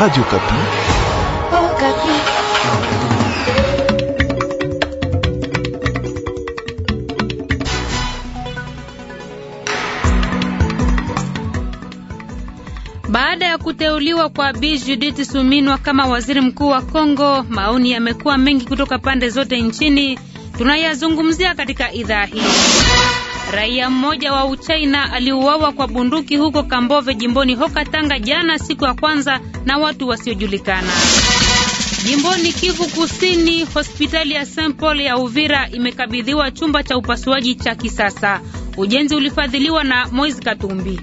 Radio Kapi. Oh, Kapi. Baada ya kuteuliwa kwa Bi Judith Suminwa kama waziri mkuu wa Kongo, maoni yamekuwa mengi kutoka pande zote nchini. Tunayazungumzia katika idhaa hii. Raia mmoja wa Uchina aliuawa kwa bunduki huko Kambove jimboni Hoka Tanga jana siku ya kwanza na watu wasiojulikana. Jimboni Kivu Kusini, hospitali ya St Paul ya Uvira imekabidhiwa chumba cha upasuaji cha kisasa. Ujenzi ulifadhiliwa na Moise Katumbi.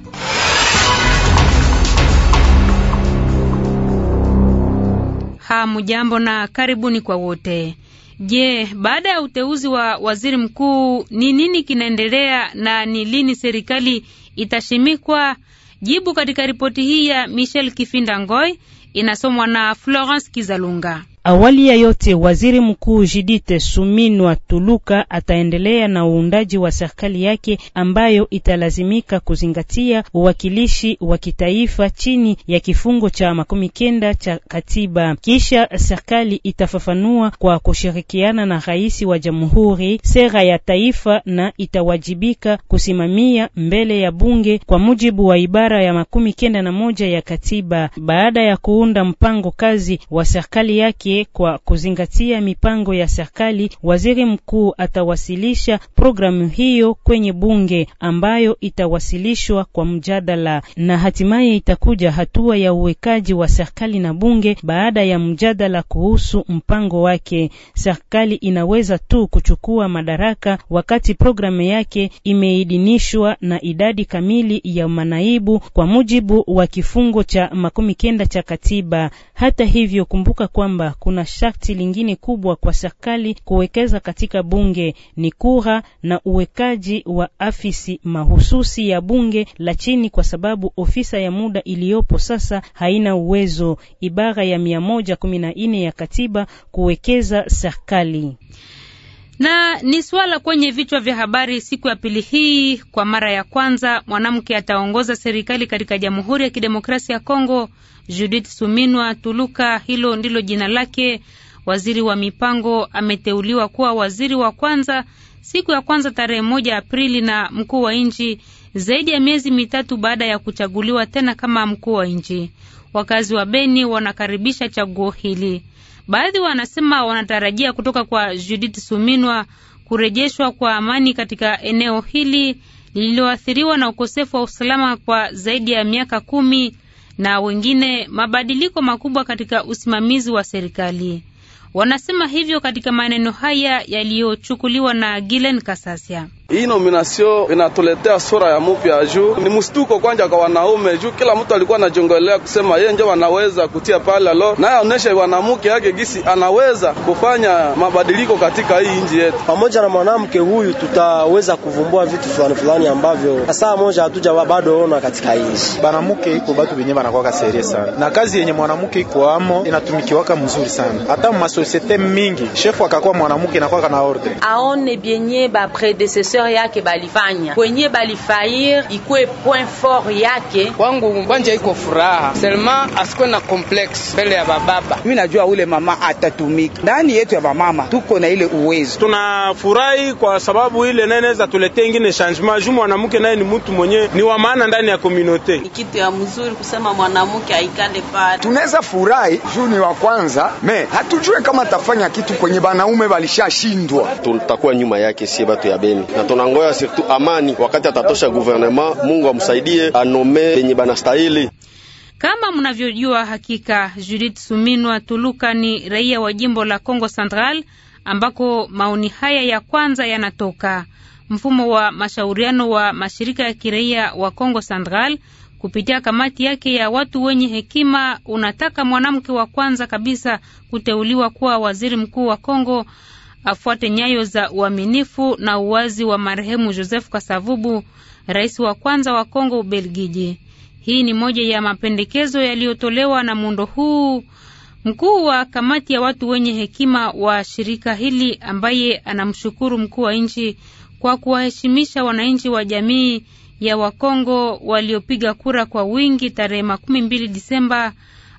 Hamujambo na karibuni kwa wote. Je, baada ya uteuzi wa waziri mkuu ni nini kinaendelea na ni lini serikali itashimikwa? Jibu katika ripoti hii ya Michel Kifinda Ngoi inasomwa na Florence Kizalunga. Awali ya yote, waziri mkuu Judith Suminwa Tuluka ataendelea na uundaji wa serikali yake ambayo italazimika kuzingatia uwakilishi wa kitaifa chini ya kifungo cha makumi kenda cha katiba. Kisha serikali itafafanua kwa kushirikiana na rais wa jamhuri sera ya taifa na itawajibika kusimamia mbele ya bunge kwa mujibu wa ibara ya makumi kenda na moja ya katiba. Baada ya kuunda mpango kazi wa serikali yake kwa kuzingatia mipango ya serikali, waziri mkuu atawasilisha programu hiyo kwenye bunge ambayo itawasilishwa kwa mjadala na hatimaye itakuja hatua ya uwekaji wa serikali na bunge baada ya mjadala kuhusu mpango wake. Serikali inaweza tu kuchukua madaraka wakati programu yake imeidhinishwa na idadi kamili ya manaibu kwa mujibu wa kifungo cha makumi kenda cha katiba. Hata hivyo, kumbuka kwamba kuna sharti lingine kubwa kwa serikali kuwekeza katika bunge ni kura na uwekaji wa afisi mahususi ya bunge la chini, kwa sababu ofisa ya muda iliyopo sasa haina uwezo ibara ya 114 ya katiba kuwekeza serikali. Na ni swala kwenye vichwa vya habari siku ya pili hii. Kwa mara ya kwanza mwanamke ataongoza serikali katika Jamhuri ya Kidemokrasia ya Kongo. Judith Suminwa Tuluka, hilo ndilo jina lake. Waziri wa mipango ameteuliwa kuwa waziri wa kwanza siku ya kwanza tarehe moja Aprili na mkuu wa nchi zaidi ya miezi mitatu baada ya kuchaguliwa tena kama mkuu wa nchi. Wakazi wa Beni wanakaribisha chaguo hili. Baadhi wanasema wanatarajia kutoka kwa Judith Suminwa kurejeshwa kwa amani katika eneo hili lililoathiriwa na ukosefu wa usalama kwa zaidi ya miaka kumi na wengine mabadiliko makubwa katika usimamizi wa serikali. Wanasema hivyo katika maneno haya yaliyochukuliwa na Gilen Kasasia. Hii nominasio inatuletea sura ya mupya juu ni mustuko kwanja kwa wanaume, juu kila mtu alikuwa anajongelea kusema yeye ndio anaweza kutia pale alo, naye aonesha wanamke yake gisi anaweza kufanya mabadiliko katika hii nchi yetu. Pamoja na mwanamke huyu tutaweza kuvumbua vitu fulani fulani ambavyo saa moja hatuja bado ona katika hii nchi. iko batu venye banakwaka serious sana, na kazi yenye mwanamke iko amo inatumikiwaka mzuri sana, hata masosiete mingi chef akakuwa mwanamke inakuwa kana order aone bienye ba predecesseur secteur yake balifanya kwenye balifair ikwe point fort yake. Kwangu mbanja iko furaha selma, asikwe na complexe mbele ya bababa. Mimi najua ule mama atatumika ndani yetu ya bamama, tuko na ile uwezo. Tunafurahi kwa sababu ile naye naweza tuletea ingine changement juu mwanamke naye ni mtu mwenye ni wa maana ndani ya community. Ni kitu ya mzuri kusema mwanamke aikale pale, tunaweza furahi juu ni wa kwanza, me hatujue kama atafanya kitu kwenye banaume balishashindwa, tutakuwa nyuma yake sie batu ya Beni na tunangoya surtout amani, wakati atatosha gouvernement. Mungu amsaidie anome venye banastahili. Kama mnavyojua hakika, Judith Suminwa Tuluka ni raia wa jimbo la Congo Central ambako maoni haya ya kwanza yanatoka. Mfumo wa mashauriano wa mashirika ya kiraia wa Congo Central kupitia kamati yake ya watu wenye hekima unataka mwanamke wa kwanza kabisa kuteuliwa kuwa waziri mkuu wa Kongo afuate nyayo za uaminifu na uwazi wa marehemu Joseph Kasavubu, rais wa kwanza wa Kongo Ubelgiji. Hii ni moja ya mapendekezo yaliyotolewa na muundo huu mkuu wa kamati ya watu wenye hekima wa shirika hili ambaye anamshukuru mkuu wa nchi kwa kuwaheshimisha wananchi wa jamii ya Wakongo waliopiga kura kwa wingi tarehe makumi mbili Disemba.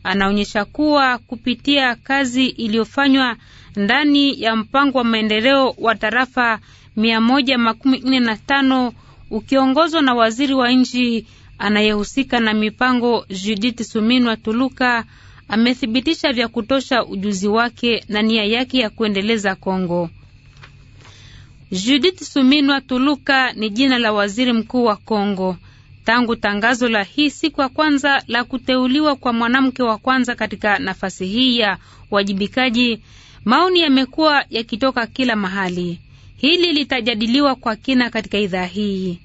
Anaonyesha kuwa kupitia kazi iliyofanywa ndani ya mpango wa maendeleo wa tarafa mia moja makumi nne na tano ukiongozwa na waziri wa nchi anayehusika na mipango Judith Suminwa Tuluka amethibitisha vya kutosha ujuzi wake na nia yake ya kuendeleza Kongo. Judith Suminwa Tuluka ni jina la waziri mkuu wa Kongo. Tangu tangazo la hii siku ya kwanza la kuteuliwa kwa mwanamke wa kwanza katika nafasi hii ya wajibikaji, Maoni yamekuwa yakitoka kila mahali. Hili litajadiliwa kwa kina katika idhaa hii.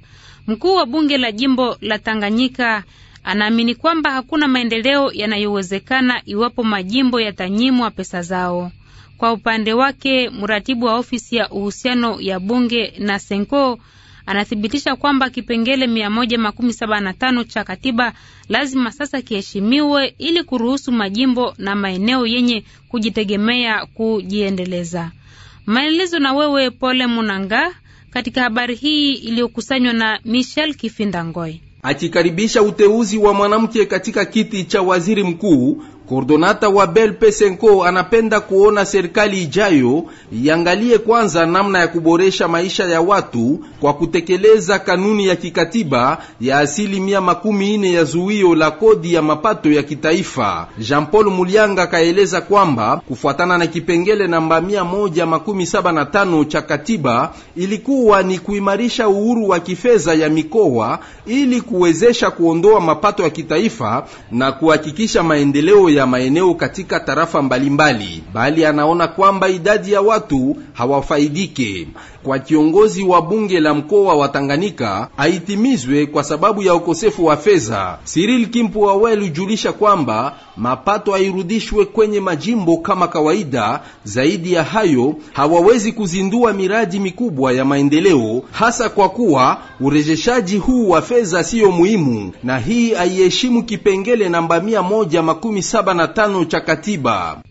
Mkuu wa bunge la jimbo la Tanganyika anaamini kwamba hakuna maendeleo yanayowezekana iwapo majimbo yatanyimwa pesa zao. Kwa upande wake, mratibu wa ofisi ya uhusiano ya bunge na Senko anathibitisha kwamba kipengele 175 cha katiba lazima sasa kiheshimiwe ili kuruhusu majimbo na maeneo yenye kujitegemea kujiendeleza. Maelezo na wewe Pole Munanga katika habari hii iliyokusanywa na Michel kifindangoy Akikaribisha uteuzi wa mwanamke katika kiti cha waziri mkuu, Kordonata wa Bel Pesenko anapenda kuona serikali ijayo iangalie kwanza namna ya kuboresha maisha ya watu kwa kutekeleza kanuni ya kikatiba ya asili makumi ine ya zuio la kodi ya mapato ya kitaifa. Jean Paul Mulianga kaeleza kwamba kufuatana na kipengele namba mia moja makumi saba na tano cha katiba ilikuwa ni kuimarisha uhuru wa kifedha ya mikoa ili kuwezesha kuondoa mapato ya kitaifa na kuhakikisha maendeleo ya maeneo katika tarafa mbalimbali, bali anaona kwamba idadi ya watu hawafaidike. Kwa kiongozi wa bunge la mkoa wa Tanganyika aitimizwe kwa sababu ya ukosefu wa fedha. Cyril Kimpu Awelu julisha kwamba mapato airudishwe kwenye majimbo kama kawaida. Zaidi ya hayo, hawawezi kuzindua miradi mikubwa ya maendeleo, hasa kwa kuwa urejeshaji huu wa fedha siyo muhimu, na hii haiheshimu kipengele namba mia moja makumi saba 75 cha katiba.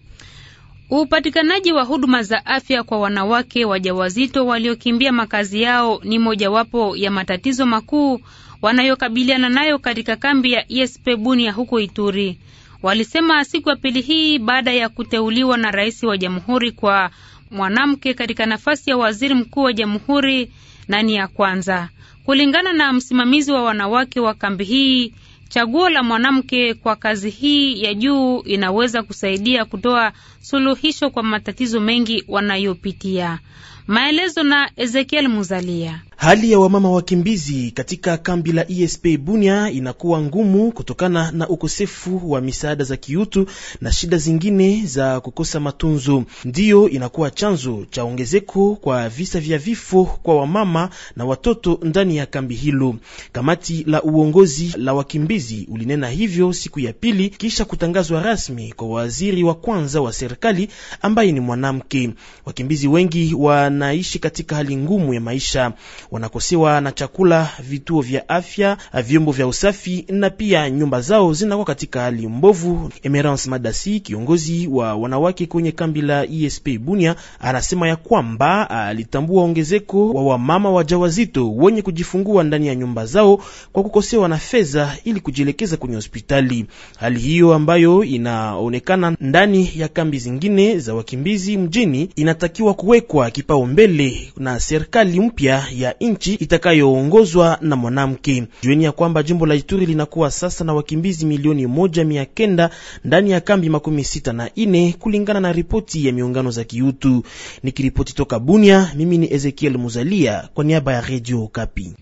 Upatikanaji wa huduma za afya kwa wanawake wajawazito waliokimbia makazi yao ni mojawapo ya matatizo makuu wanayokabiliana nayo katika kambi ya esp Bunia huko Ituri. Walisema siku ya pili hii baada ya kuteuliwa na rais wa jamhuri kwa mwanamke katika nafasi ya waziri mkuu wa jamhuri na ni ya kwanza. Kulingana na msimamizi wa wanawake wa kambi hii, Chaguo la mwanamke kwa kazi hii ya juu inaweza kusaidia kutoa suluhisho kwa matatizo mengi wanayopitia. Maelezo na Ezekiel Muzalia. Hali ya wamama wakimbizi katika kambi la ISP e Bunia inakuwa ngumu kutokana na ukosefu wa misaada za kiutu na shida zingine za kukosa matunzo, ndiyo inakuwa chanzo cha ongezeko kwa visa vya vifo kwa wamama na watoto ndani ya kambi hilo. Kamati la uongozi la wakimbizi ulinena hivyo siku ya pili kisha kutangazwa rasmi kwa waziri wa kwanza wa serikali ambaye ni mwanamke. Wakimbizi wengi wanaishi katika hali ngumu ya maisha wanakosewa na chakula, vituo vya afya, vyombo vya usafi na pia nyumba zao zinakuwa katika hali mbovu. Emerance Madasi, kiongozi wa wanawake kwenye kambi la ISP e Bunia, anasema ya kwamba alitambua ongezeko wa wamama wajawazito wenye kujifungua ndani ya nyumba zao kwa kukosewa na fedha ili kujielekeza kwenye hospitali, hali hiyo ambayo inaonekana ndani ya kambi zingine za wakimbizi mjini inatakiwa kuwekwa kipaumbele na serikali mpya ya nchi itakayoongozwa na mwanamke. Jueni ya kwamba jimbo la Ituri linakuwa sasa na wakimbizi milioni moja mia kenda ndani ya kambi makumi sita na ine kulingana na ripoti ya miungano za kiutu. Nikiripoti toka Bunia, mimi ni Ezekiel Muzalia kwa niaba ya redio Kapi.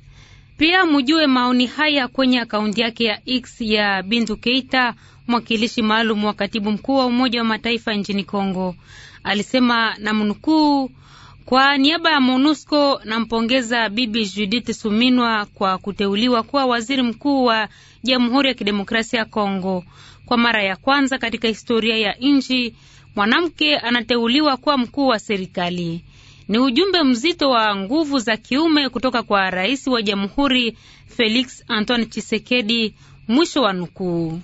Pia mujue maoni haya kwenye akaunti yake ya X ya Bintu Keita, mwakilishi maalum wa katibu mkuu wa Umoja wa Mataifa nchini Kongo, alisema na mnukuu kwa niaba ya MONUSCO nampongeza Bibi Judith Suminwa kwa kuteuliwa kuwa waziri mkuu wa Jamhuri ya Kidemokrasia ya Kongo. Kwa mara ya kwanza katika historia ya nchi, mwanamke anateuliwa kuwa mkuu wa serikali. Ni ujumbe mzito wa nguvu za kiume kutoka kwa rais wa jamhuri Felix Antoine chisekedi Mwisho wa nukuu.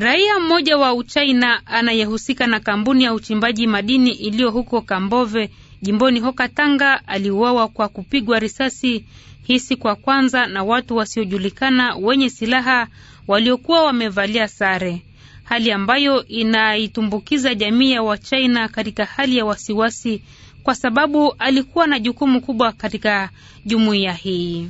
Raia mmoja wa Uchaina anayehusika na kampuni ya uchimbaji madini iliyo huko Kambove jimboni hokatanga aliuawa kwa kupigwa risasi hisi kwa kwanza na watu wasiojulikana wenye silaha waliokuwa wamevalia sare, hali ambayo inaitumbukiza jamii ya Wachaina katika hali ya wasiwasi, kwa sababu alikuwa na jukumu kubwa katika jumuiya hii.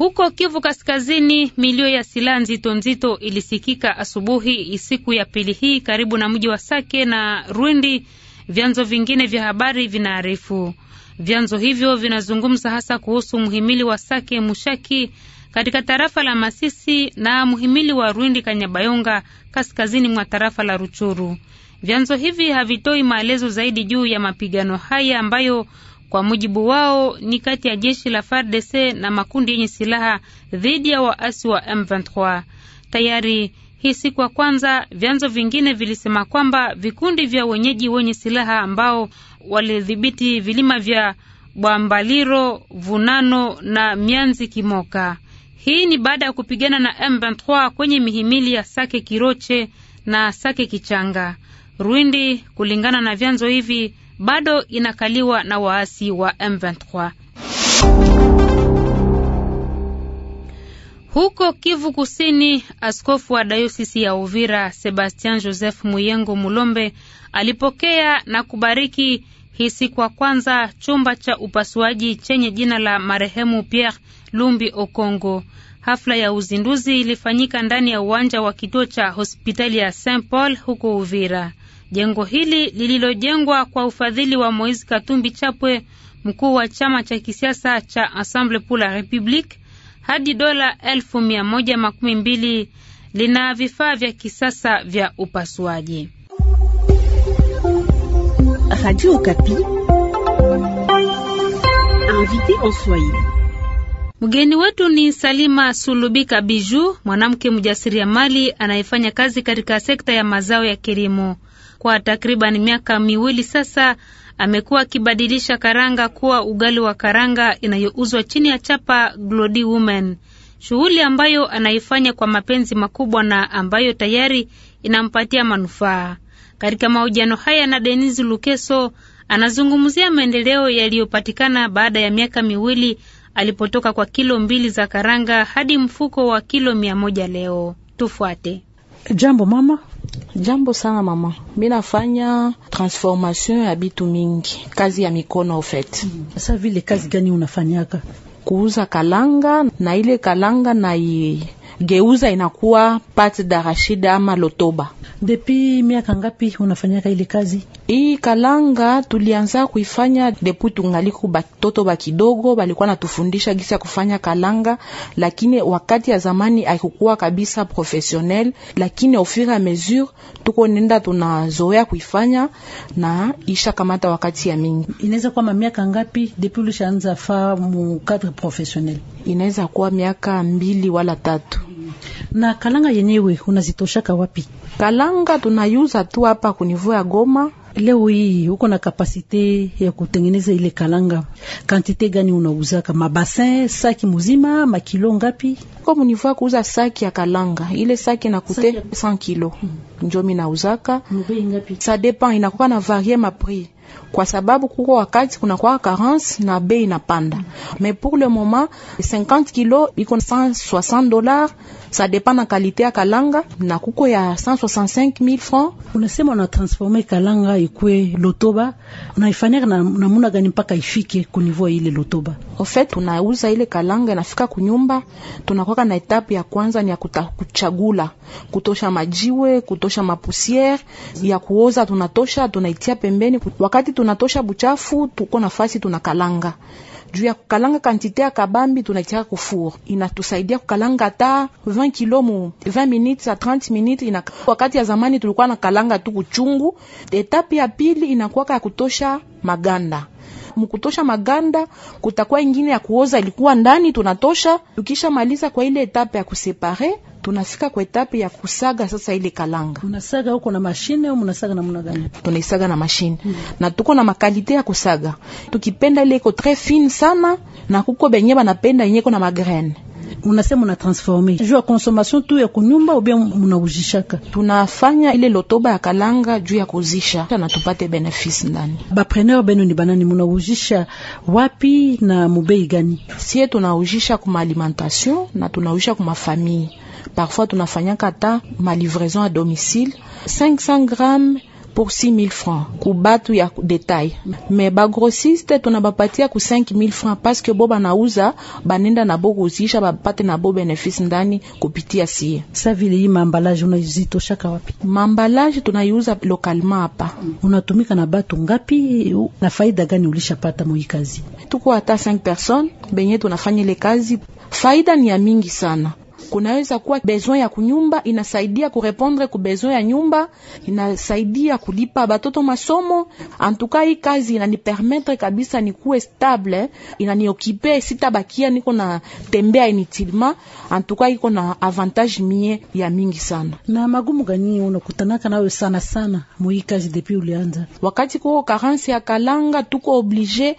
Huko Kivu Kaskazini, milio ya silaha nzito nzito ilisikika asubuhi siku ya pili hii karibu na mji wa Sake na Rwindi, vyanzo vingine vya habari vinaarifu. Vyanzo hivyo vinazungumza hasa kuhusu mhimili wa Sake Mushaki katika tarafa la Masisi na mhimili wa Rwindi Kanyabayonga kaskazini mwa tarafa la Ruchuru. Vyanzo hivi havitoi maelezo zaidi juu ya mapigano haya ambayo kwa mujibu wao ni kati ya jeshi la FARDC na makundi yenye silaha dhidi ya waasi wa M23. Tayari hii siku ya kwanza, vyanzo vingine vilisema kwamba vikundi vya wenyeji wenye silaha ambao walidhibiti vilima vya Bwambaliro, Vunano na Mianzi Kimoka. Hii ni baada ya kupigana na M23 kwenye mihimili ya Sake Kiroche na Sake Kichanga, Rwindi, kulingana na vyanzo hivi bado inakaliwa na waasi wa M23. Huko Kivu Kusini, askofu wa dayosisi ya Uvira Sebastian Joseph Muyengo Mulombe alipokea na kubariki hii siku ya kwanza chumba cha upasuaji chenye jina la marehemu Pierre Lumbi Okongo. Hafla ya uzinduzi ilifanyika ndani ya uwanja wa kituo cha hospitali ya Saint Paul huko Uvira. Jengo hili lililojengwa kwa ufadhili wa Moise Katumbi Chapwe, mkuu wa chama cha kisiasa cha Ensemble pour la Republique, hadi dola elfu mia moja makumi mbili lina vifaa vya kisasa vya upasuaji. Mgeni wetu ni Salima Sulubika Biju, mwanamke mjasiriamali anayefanya kazi katika sekta ya mazao ya kilimo. Kwa takriban miaka miwili sasa amekuwa akibadilisha karanga kuwa ugali wa karanga inayouzwa chini ya chapa Glody Woman, shughuli ambayo anaifanya kwa mapenzi makubwa na ambayo tayari inampatia manufaa. Katika mahojiano haya na Denis Lukeso, anazungumzia maendeleo yaliyopatikana baada ya miaka miwili alipotoka kwa kilo mbili za karanga hadi mfuko wa kilo mia moja leo. Tufuate jambo mama Jambo sana mama, mi nafanya transformation ya bitu mingi, kazi ya mikono ofete. mm. Sasa vile kazi gani unafanyaka? Kuuza kalanga na ile kalanga na ye geuza inakuwa pate darashida ama lotoba. Depi miaka ngapi unafanyaka ile kazi hii? Kalanga tulianza kuifanya depi tungaliku batoto bakidogo, balikuwa natufundisha gisi ya kufanya kalanga, lakini wakati ya zamani akikuwa kabisa professionnel, lakini au fur et a mesure tuko nenda tunazoea kuifanya na isha kamata wakati ya mingi. Inaweza kuwa miaka ngapi depi ulishaanza fa mu cadre professionnel? Inaweza kuwa miaka mbili wala tatu. Na kalanga yenyewe unazitoshaka wapi? Kalanga tunayuza tu hapa kunivu ya Goma. Leo hii uko na kapasite ya kutengeneza ile kalanga, kantite gani unauzaka? Mabasin saki muzima makilo ngapi? Kwa munivu kuuza saki ya kalanga ile saki na 100 kilo hmm. njo mimi Mbei ngapi? Sa depend inakuwa na varie ma prix kwa sababu kuko wakati kuna kwa carence na bei inapanda. Hmm. Mais pour le moment 50 kilo iko 160 dollars sa dépend na kalite ya kalanga na kuko ya 165000 francs. Unasema unatransforme kalanga ikue lotoba, unaifanyaka na namuna gani mpaka ifike kunivua ile lotoba? En fait tunauza ile kalanga inafika kunyumba, tunakwaka na etape ya kwanza ni ya kuta, kuchagula kutosha majiwe kutosha mapusiere ya kuoza, tunatosha tunaitia pembeni. Wakati tunatosha buchafu, tuko nafasi tunakalanga juu ya kukalanga kantite ya kabambi tunaitia kufura, inatusaidia kukalanga hata 20 kilo mu 20 minutes a 30 minutes ina. Wakati ya zamani tulikuwa na kalanga tu kuchungu. Etapi ya pili inakuwa ya kutosha maganda mukutosha maganda, kutakuwa ingine ya kuoza ilikuwa ndani tunatosha. Ukisha maliza kwa ile etape ya kusepare tunasika kwa etape ya kusaga sasa ile kalanga. Unasaga huko na mashine au mnasaga na gani? Tunaisaga na mashine. Hmm. Na tuko na makalite ya kusaga. Tukipenda ile iko très fine sana na kuko benye banapenda yenye iko na magraine. Unasema una transforme juu ya consommation tu ya kunyumba ou munauzishaka? Tunafanya ile lotoba ya kalanga juu ya kuuzisha na tupate benefice ndani. Bapreneur benu ni banani, munauzisha wapi na mubei gani? Sie tunauzisha kuma alimentation na tunauzisha kuma famille Parfois tunafanyaka hata malivraison a domicile 500 grammes pour 6000 francs ku batu ya detail me bagrosiste tunabapatia ku 5000 francs paske bo banauza banenda nabo kuzisha bapate nabo benefice ndani kupitia sie. Savile, mambalaje unazitoshaka wapi? Mambalaje tunaiuza lokalema hapa. Unatumika na batu ngapi na faida gani ulishapata mwi kazi? Tuko hata 5 personnes benye tunafanya ile kazi, faida ni ya mingi sana kunaweza kuwa besoin ya kunyumba, inasaidia kurepondre ku besoin ya nyumba, inasaidia kulipa batoto masomo. Antuka hii kazi inanipermetre kabisa nikuwe stable, inaniokipe sitabakia niko na tembea initilma. Antuka iko na avantage mie ya mingi sana. Na magumu gani unakutanaka nayo sana sana muhii kazi depuis ulianza? Wakati kuko karansi ya kalanga tuko oblige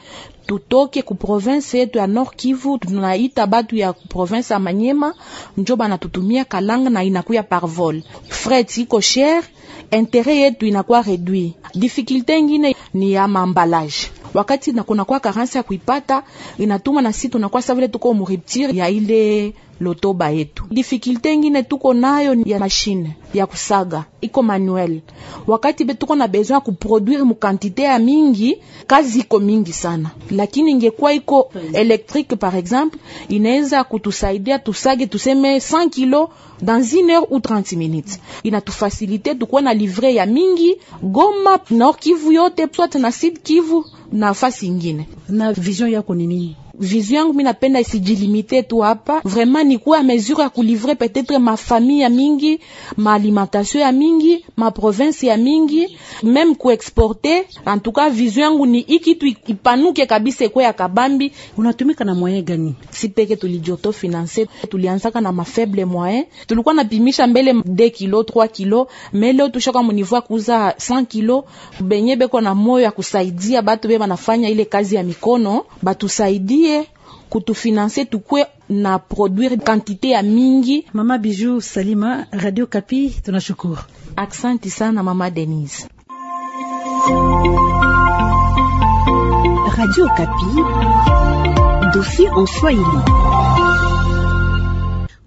tutoke ku province yetu ya nord Kivu, tunaita batu ya province ya Manyema njo banatutumia kalanga na inakuya par vol. Fret iko cher, interet yetu inakuwa reduit. Difficulté ngine ni ya mambalaje wakati na kuna kwa karansi ya kuipata inatuma na sisi tunakuwa savile tuko muriptire ya ile lotoba yetu. Difikilte ingine tuko nayo ya mashine ya kusaga iko manuel, wakati be tuko na besoin ya kuproduire mukantite ya mingi, kazi iko mingi sana, lakini ingekuwa iko elektrike par exemple, inaweza kutusaidia tusage tuseme 100 kilo dans une heure ou 30 minutes, inatufasilite tukuwe na livre ya mingi Goma, Nord Kivu yote soit na Sud Kivu nafasi ingine. Na vision yako ni nini? vision yangu mi napenda isijilimite tu hapa, vraiment ni kuwa mesure ya kulivre peut-être mafamille ya mingi, maalimentation ya mingi, maprovince ya mingi, même kuexporte. En tout cas vision yangu ni ikitu ipanuke kabisa kwa ya kabambi. Unatumika na moyen gani? Si peke tulijioto finance, tulianzaka na mafaible moyen, tulikuwa napimisha mbele 2 kilo 3 kilo, mais leo tushoka munivua kuuza 100 kilo. Benye beko na moyo ya kusaidia batu be banafanya ile kazi ya mikono batusaidie tusaidie kutufinanse tukwe na produire kantite ya mingi. Mama Biju Salima, Radio Kapi, tunashukuru. Aksanti sana Mama Denise. Radio Kapi, dosi en Swahili.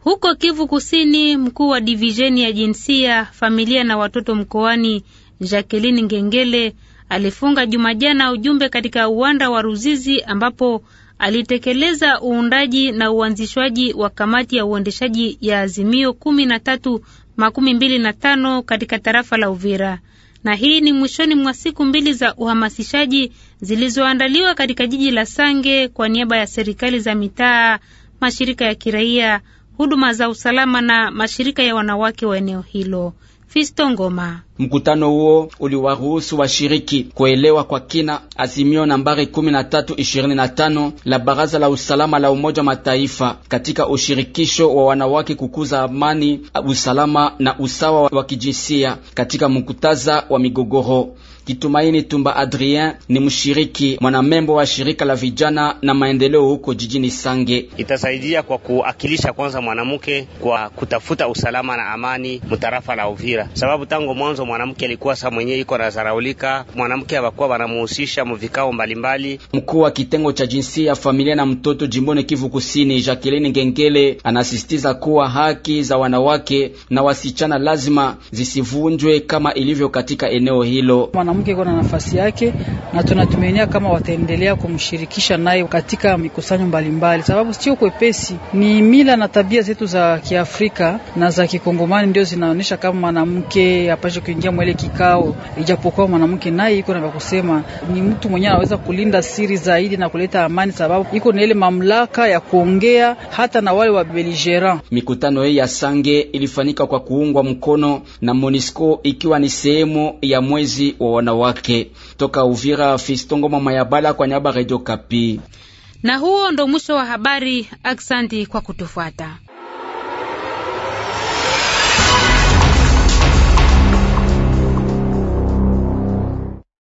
Huko Kivu Kusini, mkuu wa divisheni ya jinsia, familia na watoto mkoani Jacqueline Ngengele alifunga Jumajana ujumbe katika uwanda wa Ruzizi ambapo alitekeleza uundaji na uanzishwaji wa kamati ya uendeshaji ya azimio kumi na tatu makumi mbili na tano katika tarafa la Uvira, na hii ni mwishoni mwa siku mbili za uhamasishaji zilizoandaliwa katika jiji la Sange kwa niaba ya serikali za mitaa, mashirika ya kiraia, huduma za usalama na mashirika ya wanawake wa eneo hilo. Fisto Ngoma. Mkutano huo uliwaruhusu washiriki kuelewa kwa kina azimio nambari 1325 la Baraza la Usalama la Umoja Mataifa katika ushirikisho wa wanawake kukuza amani, usalama na usawa wa kijinsia katika mkutaza wa migogoro. Kitumaini Tumba Adrien ni mshiriki mwanamembo wa shirika la vijana na maendeleo huko jijini Sange. Itasaidia kwa kuakilisha kwanza mwanamke kwa kutafuta usalama na amani mtarafa la Uvira, sababu tangu mwanzo mwanamke alikuwa saa mwenyewe iko nazaraulika, mwanamke hawakuwa wanamuhusisha mvikao mbalimbali. Mkuu wa kitengo cha jinsia, familia na mtoto jimboni Kivu Kusini, Jacqueline Ngengele anasisitiza kuwa haki za wanawake na wasichana lazima zisivunjwe kama ilivyo katika eneo hilo Mwana mwanamke iko na nafasi yake, na tunatumainia kama wataendelea kumshirikisha naye katika mikusanyo mbalimbali, sababu sio kwepesi. Ni mila na tabia zetu za Kiafrika na za Kikongomani ndio zinaonyesha kama mwanamke apashe kuingia mwele kikao, ijapokuwa mwanamke naye iko na vya kusema. Ni mtu mwenyewe anaweza kulinda siri zaidi na kuleta amani, sababu iko na ile mamlaka ya kuongea hata na wale wa beligerant. Mikutano hii ya Sange ilifanyika kwa kuungwa mkono na Monisco ikiwa ni sehemu ya mwezi wa wanawake toka Uvira. Fistongo mama ya Bala kwa niaba Radio Kapi. Na huo ndo mwisho wa habari. Aksanti kwa kutufuata.